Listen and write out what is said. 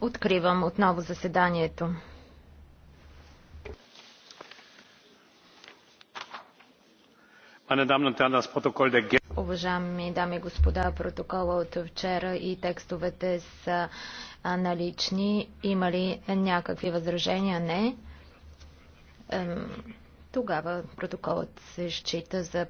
Откривам отново заседанието. Уважаеми дами и господа, протокола от вчера и текстовете са налични. Има ли някакви възражения? Не. Тогава протоколът се счита за